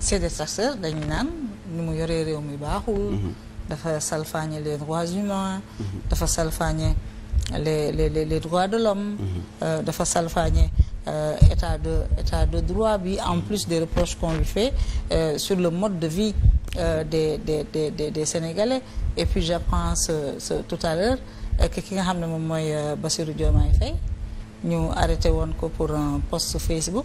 c'est des chasseurs dañu naan ni mu yoree réew mi baaxul mhm. dafa salfaañe les droits humains mhm. dafa salfaañe les les les droits de l'homme mhm. euh, dafa salfaañe euh, état de état de droit bi en plus de reproches qu'on lui fait euh, sur le mode de vie euh, des, des des des des Sénégalais et puis j'apprends ce, tout à l'heure euh, que ki nga xam ne moom mooy Bassirou Diomaye Faye ñu arrêté woon ko pour un post Facebook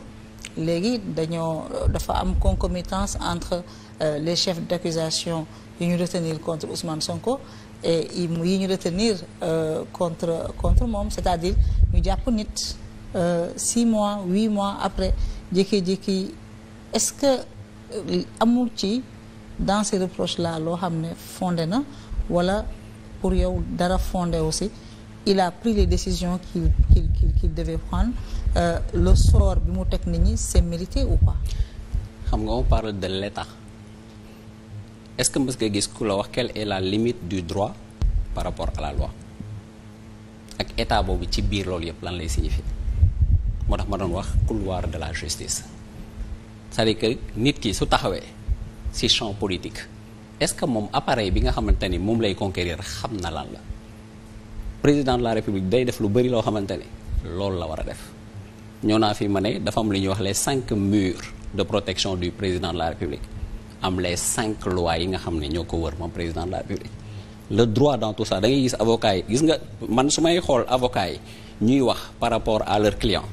léegi dañoo euh, dafa am concomitance entre euh, les chefs d'accusation yi ñu retenir contre Ousmane Sonko et yi ñu retenir euh, contre contre moom c'est-à-dire ñu jàpp nit euh, six mois huit mois après jékki-jékki est-ce que euh, amul ci dans ces reproches-là loo xam ne fondé na wala pour yow dara fondé aussi il a pris les décisions qu'il qu'il qu'il devait prendre Euh, le sort bi mu teg nit ñi c'est mérité ou pas. xam nga on parle de l'état est-ce que mës nga gis ku la wax kell est la limite du droit par rapport à la loi ak état boobu ci biir loolu yëpp lan lay signifier moo tax ma doon wax couloir de la justice cest à que nit ki su taxawee ci champ politique est-ce que moom appareil bi nga xamante ni moom lay conquérir xam na lan la président de la république day def lu bari loo xamante ni loolu la war a def ñëw naa fi ma ne dafa am lu ñuy wax les cinq murs de protection du président de la république am les cinq lois yi nga xam ne ñoo ko wër moom président de la république le droit dans tout ça da ngay gis avocat yi gis nga man su may xool avocat yi ñuy wax par rapport à leurs clients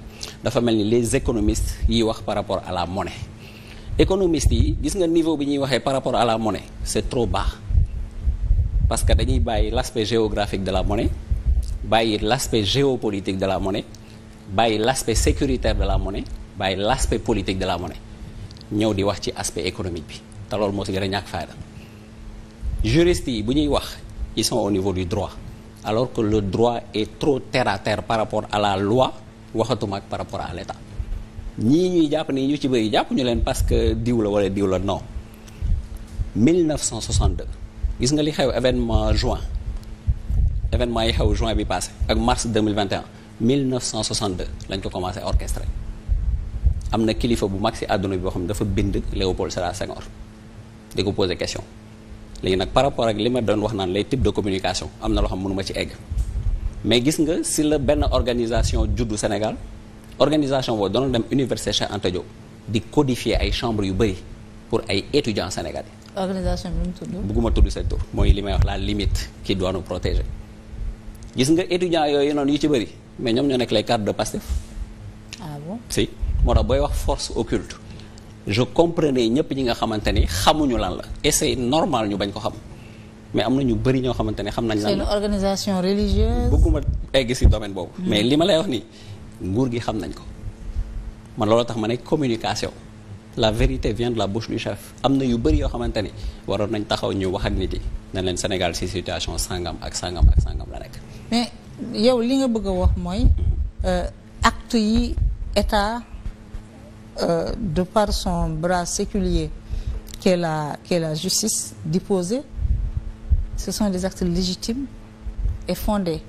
dafa mel ni les économistes yiy wax par rapport à la monnaie économistes yi gis nga niveau bi ñuy waxee par rapport à la monnaie c'est trop bas parce que dañuy bàyyi l'aspect géographique de la monnaie bàyyi l'aspect géopolitique de la monnaie bàyyi l'aspect sécuritaire de la monnaie bàyyi l'aspect politique de la monnaie ñëw di wax ci aspect économique bi te loolu moo si gën a ñàkk fayda juristes yi bu ñuy wax ils sont au niveau du droit alors que le droit est trop terre terre par rapport à la loi waxatuma ak par rapport à l'état ñi ñuy jàpp ni ñu ci bëri jàpp ñu leen parce que diw la wala diw la non 1962 gis nga li xew événement juin événement yi xew juin bi passé ak mars 2021 1962 lañ ko commencé orchestré am na kilifa bu mag si àdduna bi boo xam ne dafa bind Léopold Sédar Senghor di ko posé question léegi nag par rapport ak li ma doon wax naan les types de communication am na loo xam mënu ma ci egg mais gis nga si la benn organisation juddu Sénégal organisation boobu doon dem université Cheikh Anta di codifier ay chambre yu bëri pour ay étudiants sénégalais. organisation bi mu tudd. bugguma tudd seen mooy li may wax la limite qui doit protégé gis nga étudiants yooyu noonu yu ci bëri. mais ñoom ñoo nekk les cadres de Pastef ah si moo tax booy wax force occulte je comprenais ñëpp ñi nga xamante ni xamuñu lan la et c'est normal ñu bañ ko xam mais am na ñu bëri ñoo xamante ne xam nañ lan la c'est une organisation religieuse. bëgguma egg si domaine boobu. Hmm. mais li ma lay wax nii nguur gi xam nañ ko man loolu tax ma ne communication la vérité vient de la bouche du chef am na yu bëri yoo xamante ni waroon nañ taxaw ñu wax ak nit yi ne leen Sénégal si situation sangam ak sangam ak sangam la yow li nga bëgg a wax mooy euh, acte yi état euh, de par son bras séculier qu'est la qu'est la justice di poser ce sont des actes légitimes et fondés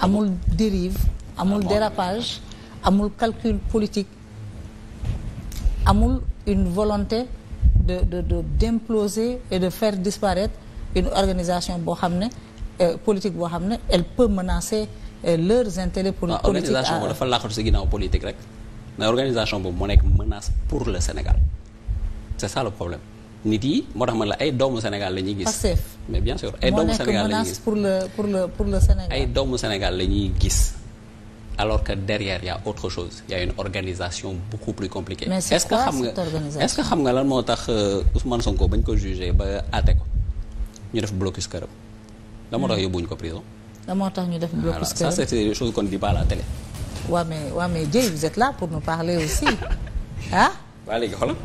amul dérive amul dérapage amul calcul politique amul une volonté de de de d'imploser et de faire disparaitre une organisation boo xam ne Euh, politique boo xam ne elle peut menacer euh, leurs intérêts politiques organisation dafa laaxatu si ginnaaw politique rek mais organisation boobu moo nekk menace pour le Sénégal c'est ça le problème nit yi moo tax man la ay doomu Sénégal la ñuy gis. Pastef mais bien sûr ay pour le pour pour le doomu Sénégal la ñuy gis alors que derrière y a autre chose y une organisation beaucoup plus compliquée. mais c'est quoi cette organisation est-ce que xam nga est-ce que xam nga lan moo tax euh, Ousmane Sonko bañ ko jugé ba àtte ko ñu def blocus këram. la moo mm. tax yóbbuwuñu ko prison. la moo tax ñu def blocus ça c' est des choses qu'on ne dit pas à la télé. waaw mais waaw mais Dieye vous êtes pour nous parler aussi ah. waa léegi xoolal.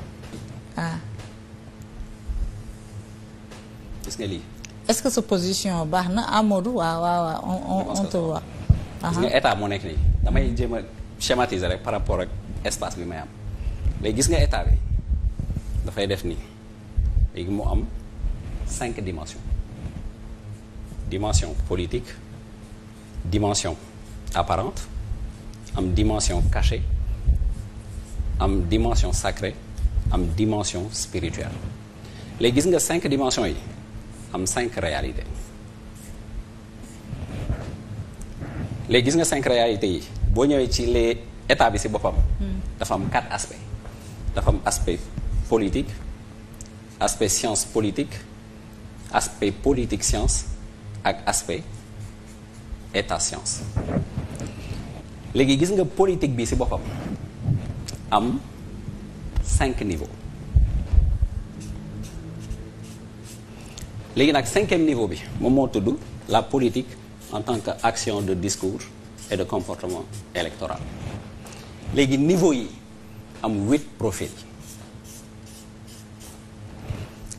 gis nga lii. est ce que sa position baax na Amadou waaw waaw waaw on gis nga état moo nekk nii damay jéem a schématiser rek par rapport ak espace bi may am léegi gis nga état bi dafay def nii léegi mu am cinq dimensions. dimension politique dimension apparente am dimension cachée am dimension sacrée am dimension spirituelle léegi nga cinq dimensions yi am cinq réalités léegi gis nga cinq réalités yi boo ñëwee ci les état bi si boppam hmm. dafa am quatre aspects dafa am aspect politique aspect science politique aspect ak aspect état science léegi gis nga politique bi ci boppam am cinq niveaux léegi nag cinquième niveau bi moom moo tudd la politique en tant que action de discours et de comportement électoral léegi niveau yi am huit profils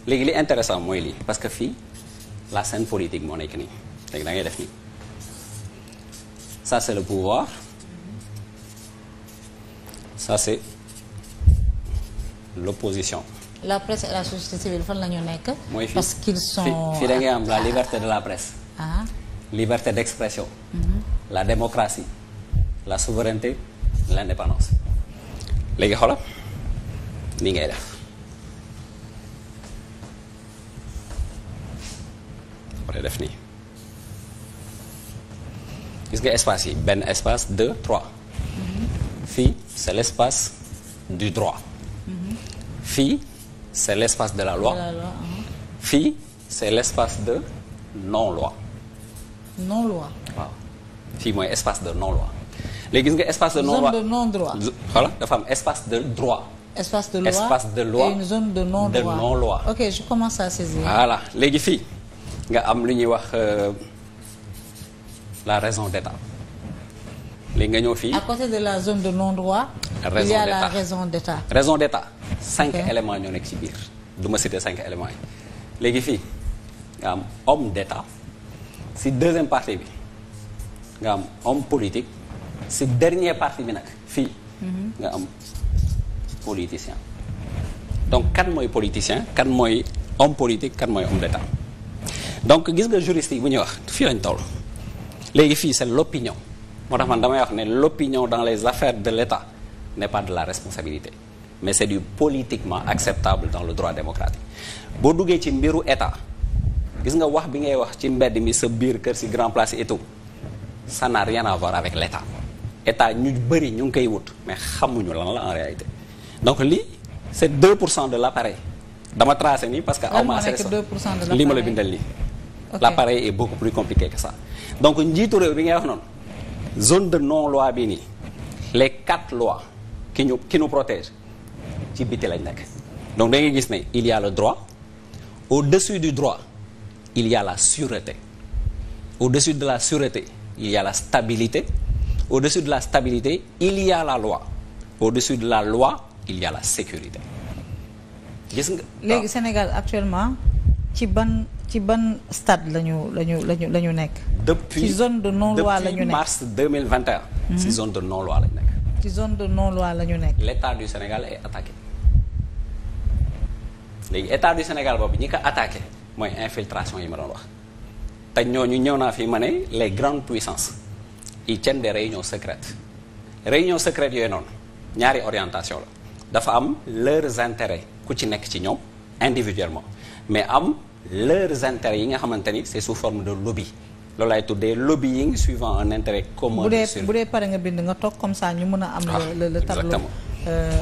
léegi li intéressant mooy lii parce que fii la scène politique moo nekk nii léegi da ngay def nii ça c'est le pouvoir ça l'opposition la presse et la société civile fan la ñu nekk. mooy fii parce qu'ils sont fii da ngay am la liberté de la presse. Ah. liberté d'expression. Mm la démocratie la souveraineté l'indépendance léegi xoolal ni ngay def. le def gis nga espace yi benn espace deux trois fii c'est l'espace du droit fii c'est l'espace de la loi fii c'est l'espace de non-loi non-loi waaw fii espace de non-loi léegi nga espace de non-loi dafa am espace de droit espace de loi espace de loi et une zone de non-droit je commence à saisir voilà léegi fii nga am lu ñuy wax euh, la raison d' état léegi nga ñëw fii. à côté de la zone de non-droit. il y a la raison d' état raison d' cinq éléments ñoo nekk ci biir du ma citer cinq éléments yi léegi fii nga am homme d' état deuxième partie bi nga am politique ci dernier partie bi nag fii. Mhm. nga am politicien donc kan mooy politicien kan mooy homme politique kan mooy homme d' donc gis nga juriste bu ñuy wax fii lañ toll léegi fii c'est l'opinion moo tax man damay wax ne l'opinion dans les affaires de l'État n'est pas de la responsabilité mais c'est du politiquement acceptable dans le droit démocratique boo duggee ci mbiru État gis nga wax bi ngay wax ci mbedd mi sa biir kër si grand place et tout ça n'a rien à voir avec l'État État ñu bëri ñu ngi koy wut mais xamuñu lan la en réalité donc li c'est pour cent de l'appareil dama tracé nii parce que. aw ma li ma la bindal nii. okay. l'appareil est beaucoup plus compliqué que ça donc njiitu réew bi ngay wax noonu zone de non loi bii nii les quatre lois qui ñu qui protègent ci biti lañ nekk donc da nga gis ne il y a le droit au-dessus du droit il y a la sûreté au-dessus de la sûreté il y a la stabilité au-dessus de la stabilité il y la loi au-dessus de la loi il y la sécurité gis nga actuellement ci ban ci ban stade la ñu la ñu la la ñu nekk. depuis ci zone de non loi la ñu nekk depuis mille vingt et mhm. ci zone de non loi la ñu nekk. ci de non loi la ñu nekk. l' état du Sénégal est attaqué léegi état du Sénégal boobu ñi ko attaqué mooy infiltration yi ma doon wax te ñu ñëw naa fi ma ne les grandes puissances ils tiennent des réunions secrètes réunions secrètes yooyu noonu ñaari orientation la dafa am leurs intérêts ku ci nekk ci ñoom individuellement mais am. leurs intérêts yi nga xamante ni c'est sous forme de lobby loolu laay tuddee lobbying suivant un intérêt commun. bu dee bu dee pare nga bind nga toog comme ça ñu am. Ah, le le tableau euh,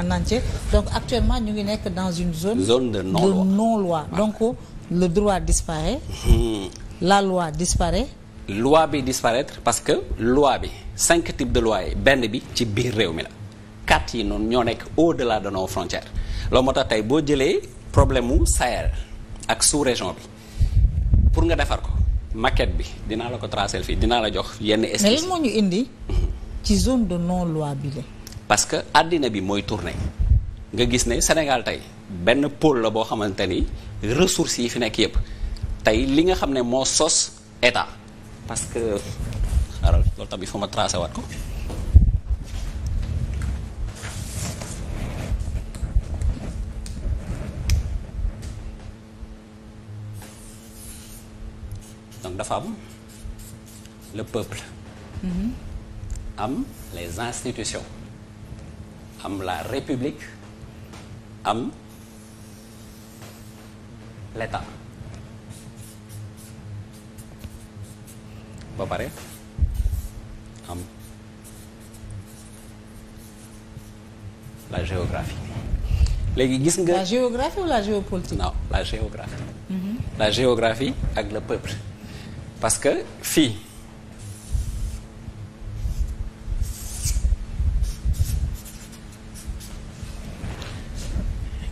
en en entier donc actuellement ñu ngi nekk dans une zone. zone de non loi de ah. donc le droit disparaît. Hmm. la loi disparaît. loi bi disparaître parce que loi bi cinq types de loi benn bi ci biir réew mi la quatre yi noonu ñoo nekk au-delà de nos frontières loo moo tax tey boo jëlee problème mu Sahel. ak sous région bi pour nga defar ko maquette bi dinaa la ko tracer fii dinaa la jox yenn esquisse mais lan moo ñu indi ci zone de non loi bi parce que àddina bi mooy tourné nga gis ne Sénégal tey benn pôle la boo xamante ni ressources yi fi nekk yépp tey li nga xam ne moo sos état parce que xaaral loolu tamit fa ma tracé ko kon dafa am le peuple mm-hmm. am les institutions am la république am l'état ba pare am la géographie léegi gis nga. la géographie ou la géopolitique. la géographie. Mm-hmm. la géographie ak le peuple. parce que fii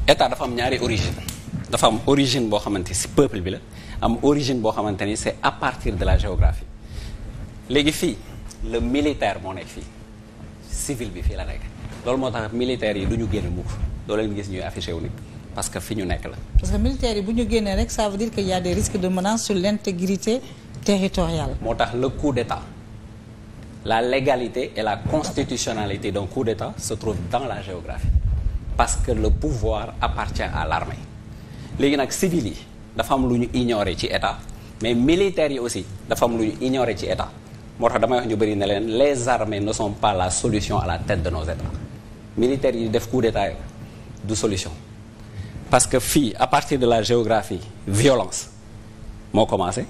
état dafa am ñaari origine dafa am origine boo xamante si peuple bi la am origine boo xamante ni c'est à partir de la géographie léegi fii le militaire moo nekk fii civil bi fii la nekk loolu moo tax militaires yi du ñu génn mukk doo leen gis ñuy affiché wu ni parce que fi ñu nekk la. parce que militaires yi bu ñu génnee rek ça veut que y a des risques de menace sur l'intégrité territorial moo tax le coup d'état la légalité et la constitutionnalité d'un coup d'état se trouve dans la géographie parce que le pouvoir appartient à l'armée léegi nag civil yi dafa am lu ñu ignorer ci état mais militaires yi aussi dafa am lu ñu ignorer ci état moo tax damay wax ñu bëri ne leen les armées ne sont pas la solution à la tête de nos états militaires yi def coup d'état du solution parce que fii à partir de la géographie violence moo commencé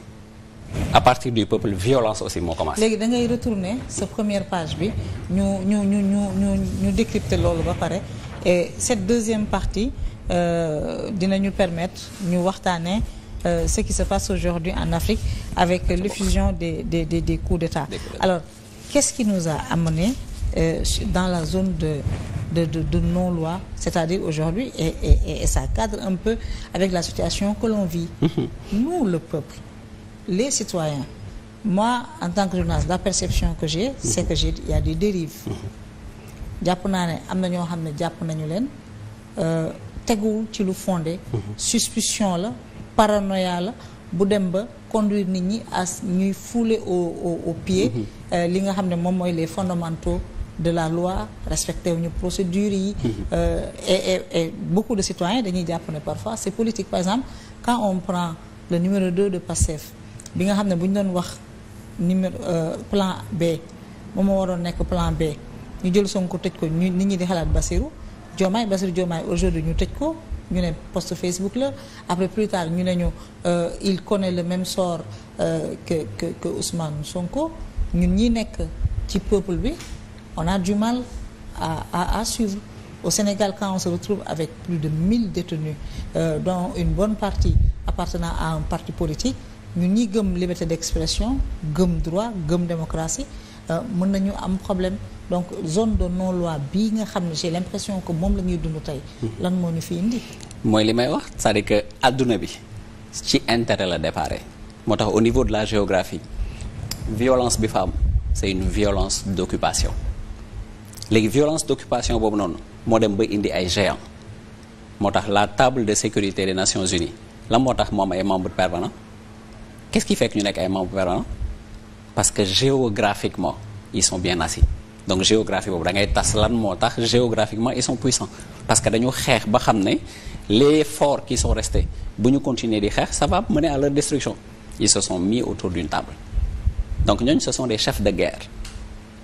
à partir du peuple violence aussi moo commencé. léegi da ngay retourner sa première page bi ñu ñu ñu ñu ñu ñu décrypter loolu ba pare et cette deuxième partie euh, dinañu permettre ñu waxtaanee. Euh, ce qui se passe aujourd'hui en Afrique avec euh, l'effusion des des des des coups d'État. Alors, qu'est-ce qui nous a amené euh, dans la zone de de de, de non-loi, c'est-à-dire aujourd'hui et, et et ça cadre un peu avec la situation que l'on vit. Mm-hmm. Nous, le peuple les citoyens moi en tant que journaliste la perception que j'ai c'est que j'ai il y a mhm. jàpp naa ne am na ñoo xam ne jàpp nañu leen euh, teguwul ci lu fonde mhm. suspicion la paranoïa la bu dem ba conduire nit ñi as ñuy fouler au au au pied mhm. euh, li nga xam ne moom mooy les fondamentaux de la loi respecté wuñu procédure yi euh, et, et, et beaucoup de citoyens dañuy jàpp ne parfois c'est politique par exemple quand on prend le numéro de PASTEF bi nga xam ne bu ñu doon wax numéro euh, plan B moom moo waroon nekk plan B ñu jël Sonko tëj ko ñu nit ñi di xalaat Basirou Diomaye Basirou Diomaye aujourd'hui ñu tëj ko ñu ne post Facebook la après plus tard ñu ne ñu euh, il connaît le même sort euh, que que que Ousmane Sonko ñun ñi nekk ci peuple bi on a du mal à à à suivre. Au Sénégal, quand on se retrouve avec plus de mille détenus, euh, dont une bonne partie appartenant à un parti politique, ñu ñi gëm liberté d'expression gëm droit gëm démocratie euh, mën nañu am problème donc zone de non loi bii nga xam ne j'ai l'impression que moom la ñuy dund tey lan moo ñu fi indi mooy li may wax cest à que adduna bi ci intérêt la dépare moo tax au niveau de la géographie violence bi fa am c'est une violence d'occupation léegi violence d'occupation boobu noonu moo dem ba indi ay géants moo tax la table de sécurité des Nations Unies lan moo tax moom ay membres permanents est ce qui fait que ñu nekk ay membres permanents parce que géographiquement ils sont bien assis donc géographie boobu da ngay tas lan moo tax géographiquement ils sont puissants parce que dañu xeex ba xam ne les forts qui sont restés bu ñu continuer di xeex sa va mener à la destruction ils se mis autour d'une table donc ñooñu ce des chefs de guerre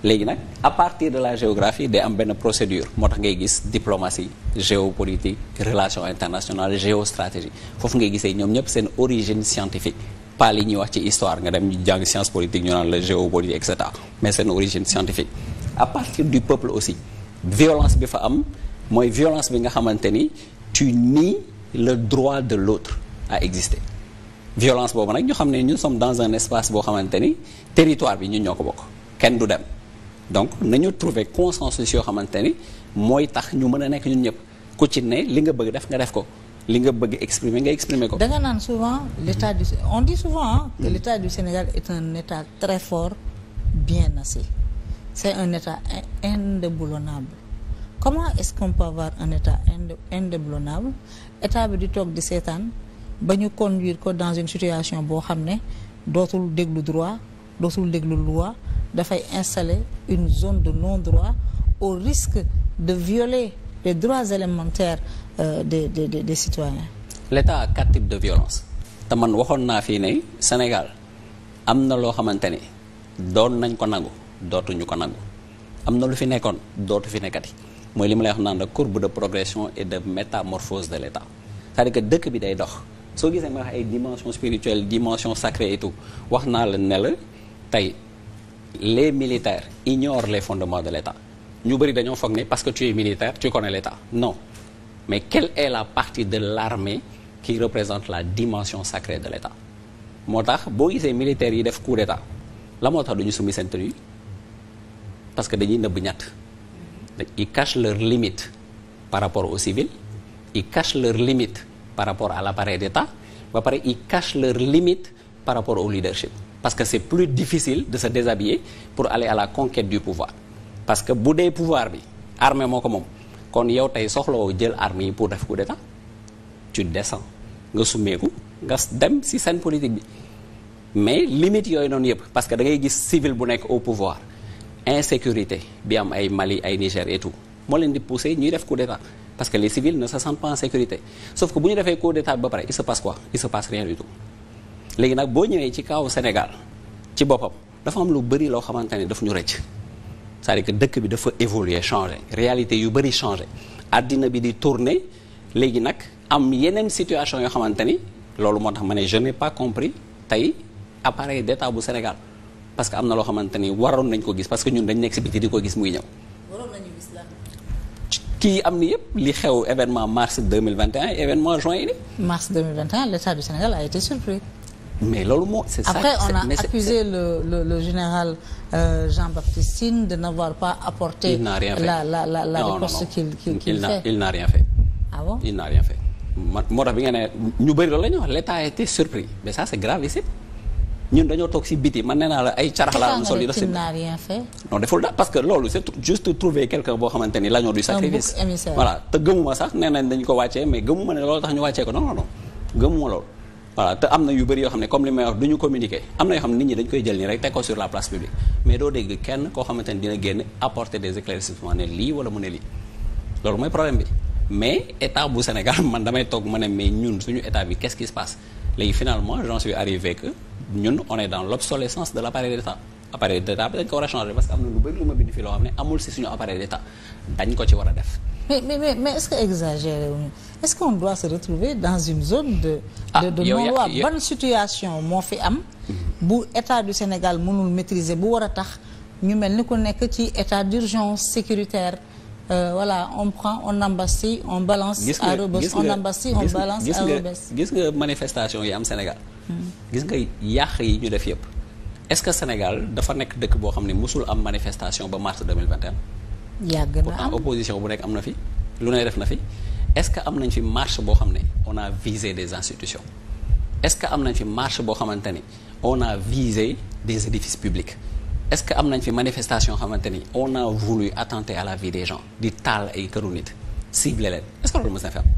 léegi nag à partir de la géographie day am benn procédure moo tax ngay gis diplomatie géopolitique relations internationales géostratégie foofu ngay gisee ñoom ñëpp seen origine scientifique pal yi ñuy wax ci histoire nga dem jàng science politique ñu naan la géopolitique et cetera mais seen origine scientifique à partir du peuple aussi violence bi fa am mooy violence bi nga xamante ni tu nies le droit de l'autre à exister violence boobu nag ñu xam ne ñu sommes dans un espace boo xamante ni territoire bi ñu ñoo ko bokk kenn du dem donc nañu trouver consensus yoo xamante ni mooy tax ñu mën a nekk ñun ñëpp ku ci ne li nga bëgg def nga def ko li nga bëgg exprimer nga exprimer ko. da nga naan souvent l'état du on dit souvent que hmm. l'état du Sénégal est un état très fort bien assis c'est un état indéboulonnable comment est-ce qu'on peut avoir un état indéboulonnable état bi di toog di seetaan ba ñu conduire ko dans une situation boo xam ne dootul déglu droit dootul déglu loi dafay installer une zone de non-droit au risque de violer les droits élémentaires euh, des des des des l'État a quatre types de violence te man waxoon naa fii ne Sénégal am na loo xamante ni doon nañ ko nangu dootuñu ko nangu am na lu fi nekkoon dootu fi nekkati mooy li ma lay wax naan la courbe de progression et de métamorphose de l'État c'est-à-dire que dëkk bi day dox soo gisee ma wax ay dimension spirituelle dimension sacrée et wax naa la ne la tey les militaires ignorent les fondements de l'État ñu bëri dañoo foog ne parce que tu es militaire tu connais l'État non mais quelle est la partie de l'armée qui représente la dimension sacrée de l'État moo tax boo isee militaire yi def coup d'État la moo tax duñu summi seen tenue parce que dañuy nëbb ñett ils cachent leurs limites par rapport aux civils ils cachent leurs limites par rapport à l'appareil d'État ba pare ils cachent leurs limites par rapport au leadership parce que c'est plus difficile de se déshabiller pour aller à la conquête du pouvoir parce que bu dee pouvoir bi armée moo ko moom kon yow tey soxlawoo jël armée yi pour def coup d'état tu descends nga summeeku nga dem si seen politique bi mais limite yooyu noonu yëpp parce que da ngay gis civil bu nekk au pouvoir insécurité bi am ay Mali ay Niger et moo leen di pousser ñuy def coup d'état parce que les civils ne se sentent pas sécurité sauf que bu ñu defee coup d'état bi ba pare il se passe quoi il se passe rien du tout léegi nag boo ñëwee ci kaw Sénégal ci boppam dafa am lu bëri loo xamante ne daf ñu rëcc c'est-à-dire que dëkk bi dafa évoluer changé réalité yu bëri changé àddina bi di tourner léegi nag am yeneen situation yoo xamante ni loolu moo tax ma ne je n'ai pas compris tey appareil d'état bu Sénégal parce que am na loo xamante ni waroon nañ ko gis parce que ñun dañ nekk si biti di ko gis muy ñëw. waroon nañu gis kii am ni yëpp li xew événement mars 2021 événement juin yi nii. mars 2021 du Sénégal a été surpris. mais loolu moo c'est ça après on a accusé le le le général euh, Jean-Baptiste Tine de n'avoir pas apporté. il n'a rien fait la la la la riposte qu'il qu'il fait il n'a il rien fait. Ah moo tax bi nga ne ñu bëri loolu la ñuy wax l'État a été surpris mais ça c'est grave ici ñun dañoo toog ci biti man nee naa la ay carax laa sol yi la n'a rien fait. non deful daal parce que loolu c'est juste trouver quelqu'un boo xamante ni l'agneau du sacrifice voilà te gëmuma sax nee nañ dañ ko wàccee mais gëmuma ne loolu tax ñu wàccee ko non non non gëmuma voilà te am na yu bëri yoo xam ne comme li may wax am na yoo xam ne nit ñi dañ koy jël nii rek teg ko sur la place publique mais doo dégg kenn koo xamante ne dina génn apporter des éclaircissements ne lii wala mu ne lii loolu mooy problème bi mais état bu Sénégal man damay togg ma ne mais ñun suñu état bi qu'est-ce qui se passe léegi finalement j'en suis arrivé que ñun on est dans l'obsolescence de l'appareil d'État appareil d'État bi dañ ko war a changer parce si suñu appareil d'État dañ ko war a def mais mais mais est-ce que exagéré wu ñu est-ce qu'on doit se retrouver dans une zone de. Ah, de de non-loi ban situation moo fi am. bu état du Sénégal mënul maîtriser bu war a tax ñu mel ni ku nekk ci état d'urgence sécuritaire. Euh, voilà on prend on embastit on balance. gis nga gis on embastit on balance à gis nga manifestation yi am Sénégal. Hmm. gis nga yàq yi ñu def yëpp. est-ce que Sénégal dafa nekk dëkk boo xam ne mosul am manifestation ba mars 2021 yàgg na am bu nekk am na fi lu ne def na fi est-ce que am nañ fi marche boo xam ne on a visé des institutions est-ce que am nañ fi marche boo xamante ni on a visé des édifices publics est-ce que am nañ fi manifestation xamante ni on a voulu attenter à la vie des gens di taal ay këru nit ciblé leen est-ce que loolu mës na fi am.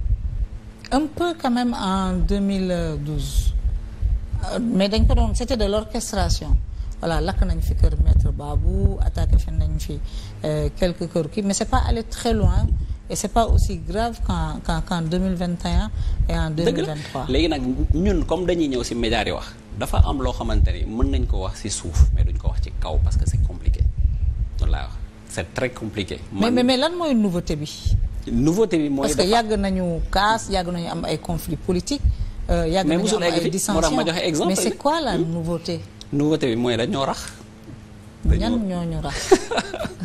Euh, mais dañ ko doon c'était de l'orchestration voilà lakk nañ fi kër maître Babou attaqué fi nañu euh, fi quelque kër kii mais c'est pas aller très loin et c'est pas aussi grave qu'en qu'en qu'en 2021 et en 2023 léegi nag ñun comme dañuy ñëw si médias yi wax dafa am loo xamante ni mën nañ koo wax ci suuf mais duñ ko wax ci kaw parce que c'est compliqué loolu laa wax c'est très compliqué mais mais mais lan mooy nouveauté bi nouveauté bi mooy parce que yàgg nañu casse yàgg nañu am ay conflits politiques euh, yàgg nañu am ay dissensions mais c'est nouveauté bi mooy lañoo rax. ñan ñoo ñu rax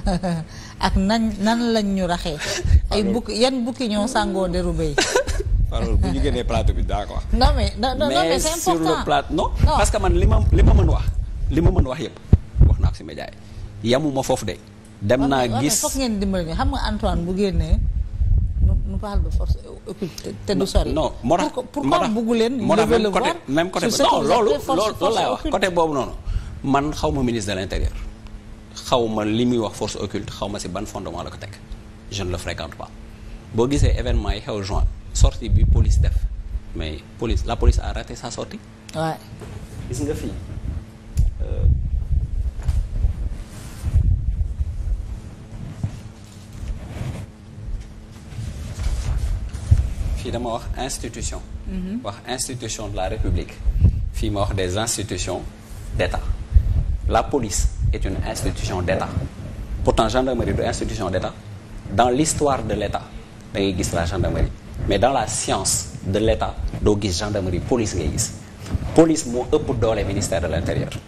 ak nan nan lañ ñu raxee. ay bukki yan bukki ñoo sàngoo de béy. bu ñu génnee plateau bi daa quoi. non mais non non parce que man li ma li ma mën wax li ma mën wax yëpp wax naa ak si média yi yamuma foofu de. dem naa gis foog ngeen dimbali ñu xam nga Antoine bu génnee. nous parle de force occulte te du sori. non moo tax pourquoi bugg leen. moo tax même côté même côté non loolu loolu côté boobu noonu. man xaw ma ministre de l' intérieur xaw ma li muy wax force occulte xaw ma si ban fondement la ko teg je ne le fréquente pas boo gisee événement yi xew juin sortie bi police def mais police la police a raté sa sortie. waaw gis nga fii. Euh, fii dama wax institution mhm. wax institution de la République fii ma wax des institutions d'État la police est une institution d'État pourtant gendarmerie du institution d'État dans l'histoire de l'État da ngay gis la gendarmerie mais dans la science de l'État doo gis gendarmerie police ngay gis police moo ëpp doole ministère de l'Intérieur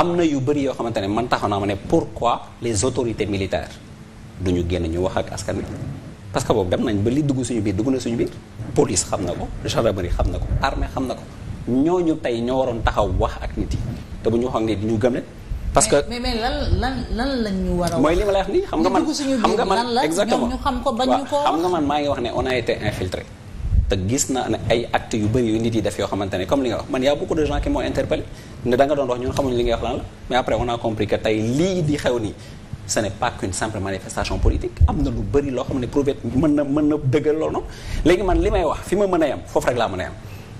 am na yu bëri yoo xamante ne man taxaw naa ma ne pourquoi les autorités militaires ñu génn ñu wax ak askan wi parce que boobu dem nañ ba li dugg suñu biir dugg na suñu biir police xam na ko gendarmerie xam na ko armée xam na ko ñooñu tey ñoo waroon taxaw wax ak nit yi te bu ñu waxoon nit ñu gëm leen parce que la mais lan ñu a wax mooy li ma xam nga man xam nga man maa ngi wax ne a été infiltré te gis naa ne ay comme li nga a beaucoup de gens qui m'ont interpellé xamuñ li ngay wax lan la mais après on a compris que tey lii di xew nii ce n'est pas qu'une simple manifestation politique am na lu bëri loo xam ne prouvé mën na mën na dëggal loolu noonu léegi man li may wax fi ma mën a yem foofu rek laa mën a yem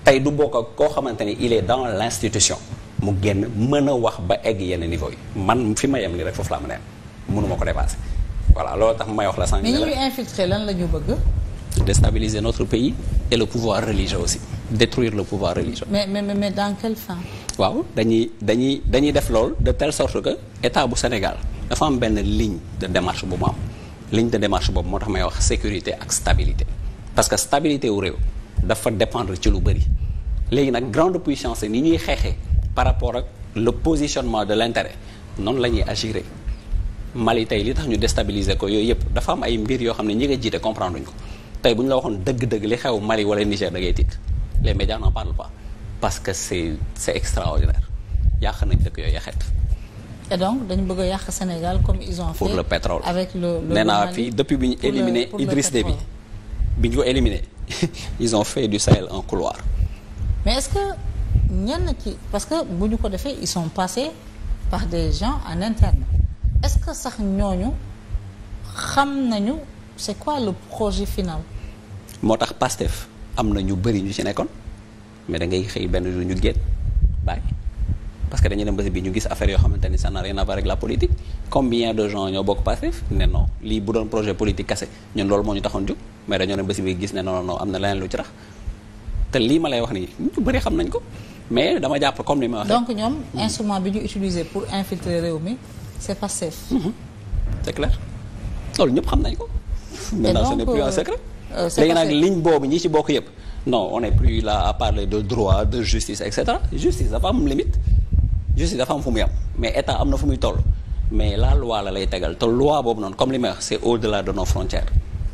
tey du bokk ak koo xamante ni il est dans l'institution mu génn mën a wax ba egg yenn niveau yi man fi ma yem nii rek foofu laa mën a yem mënuma ko dépasser voilà loolu tax may wax la sànq. mais ñuy infiltrer lan la ñu bëgg. déstabiliser notre pays et le pouvoir religieux aussi détruire le pouvoir religieux. mais mais mais dans quelle fin. waaw dañuy dañuy dañuy def loolu de telle sorte état bu Sénégal. dafa am benn ligne de démarche bu mu am ligne de démarche boobu moo tax may wax sécurité ak stabilité parce que stabilité wu réew dafa dépendre ci lu bëri léegi nag grande puissance ni ñuy xeexee par rapport ak le positionnement de l'intérêt noonu la ñuy agiré Mali tey li tax ñu déstabiliser ko yooyu yëpp dafa am ay mbir yoo xam ne ñi nga jiite comprendre ñu ko tey bu ñu la waxoon dëgg-dëgg li xew Mali wala Niger da ngay tiit les médias n'en parlent pas parce que c'est c'est extraordinaire yàq nañ dëkk yooyu yaxet et donc dañu bëgg yàq Sénégal comme ils ont fait. pour le pétrole avec le le nee fii depuis bi ñu éliminé Idriss Déby bi ñu ko éliminé ils ont fait du Sahel en couloir. mais est-ce que ñenn ci parce que bu ñu ko defee ils sont passés par des gens en interne est-ce que sax ñooñu xam nañu c'est quoi le projet final. moo tax Pastef am na ñu bëri ñu ci nekkoon mais da ngay xëy benn jour ñu génn parce que dañu dem bés bi ñu gis affaire yoo xamante ni ça n'a rien à voir avec la politique combien de gens ñoo bokk Pastef ne non lii bu doon projet politique kase ñun loolu moo ñu taxoon jóg mais dañoo dem bés bi gis ne non non am na leneen lu ci rax te lii ma lay wax nii ñu bëri xam nañ ko mais dama jàpp comme ni ma waxee. donc ñoom mm-hmm. bi ñu utiliser pour infiltrer réew mi c'est Pastef. Mm-hmm. c'est loolu ñëpp xam nañ ko. maintenant ce n'est plus un euh, secret. Euh, léegi nag boobu ñi ci bokk yëpp no on est plus là à parler de droit de justice et cetera justice dafa am justice dafa am fu mu yem mais état am na fu muy toll mais la loi la lay tegal te loi boobu noonu comme li may c'est au-delà de nos frontières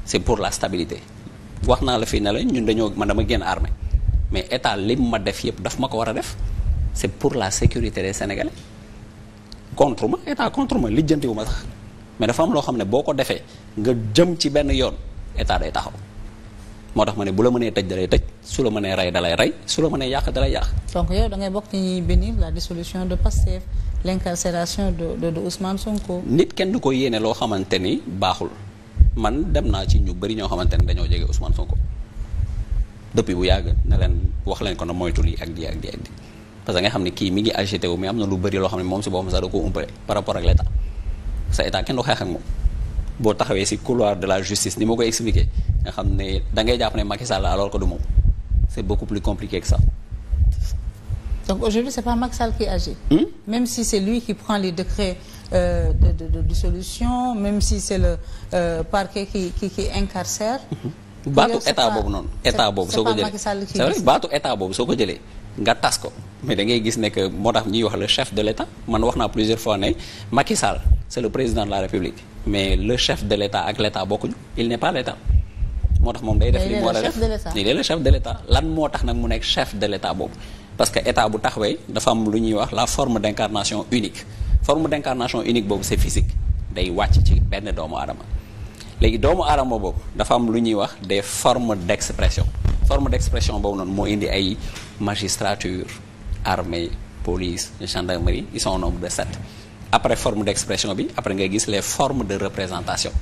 c'est pour la stabilité wax naa la fii ne la ñun dañoo man dama génn armée mais état li ma def yëpp daf ma ko war a def c'est pour la sécurité des Sénégalais contre ma état contre ma lijjantiwu ma sax mais dafa am loo xam ne boo ko defee nga jëm ci benn yoon état day taxaw moo tax ma ne bu la mënee tëj dalay tëj su la mënee rey dalay rey su la mënee yàq dalay yàq. donc yow da ngay bokk ci ñuy bénir la dissolution de Pastef l'incarcération de de de Ousmane Sonko. nit kenn du ko yéene loo xamante ni baaxul man dem naa ci ñu bari ñoo xamante ni dañoo jege Ousmane Sonko depuis bu yàgg na leen wax leen ko na moytu lii ak lii ak lii ak lii parce que nga xam ne kii mi ngi agité wu am na lu bëri loo xam ne moom si boppam sax da ko umpale par rapport ak l'état sa état kenn boo taxawee si couloir de la justice ni ma ko expliqué. nga xam ne da ngay jàpp ne Macky Sall alors ko du moom c'est beaucoup plus compliqué que ça. donc aujourd'hui c'est pas Macky Sall qui agit. Hmm? même si c'est lui qui prend les décrets euh, de, de solution même si c'est le euh, parquet qui qui qui incarcère. Hmm. baatu état boobu noonu. état boobu soo ko jëlee c'est vrai baatu état boobu jëlee nga tas ko. mais da ngay gis ne que moo tax ñuy wax le chef de l'état man wax naa plusieurs fois ne Macky Sall c'est le président de la République mais le chef de l'état ak l'état bokkuñu il n'est moo tax moom day def li mu war a def il est le chef de l'état lan moo tax nag mu nekk chef de l'état boobu parce que état bu taxawee dafa am lu ñuy wax la forme d'incarnation unique forme d'incarnation unique boobu c'est physique day wàcc ci benn doomu aadama léegi doomu aadama boobu dafa am lu ñuy wax des formes d'expression forme d'expression boobu noonu moo indi ay magistrature armée police gendarmerie ils sont au nombre de sept après forme d'expression bi après ngay gis les formes de représentation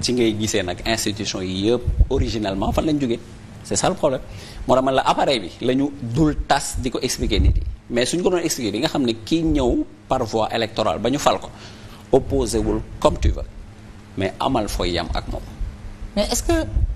ci ngay gisee nag institution yi yëpp originellement fan lañ jógee c'est ça le problème moo tax man la appareil bi la ñu dul tas di ko expliquer nit yi mais suñ ko doon expliquer di nga xam ne kii ñëw par voie électorale ba ñu fal ko opposé wul comme tu mais amal foo yam ak moom mais est-ce que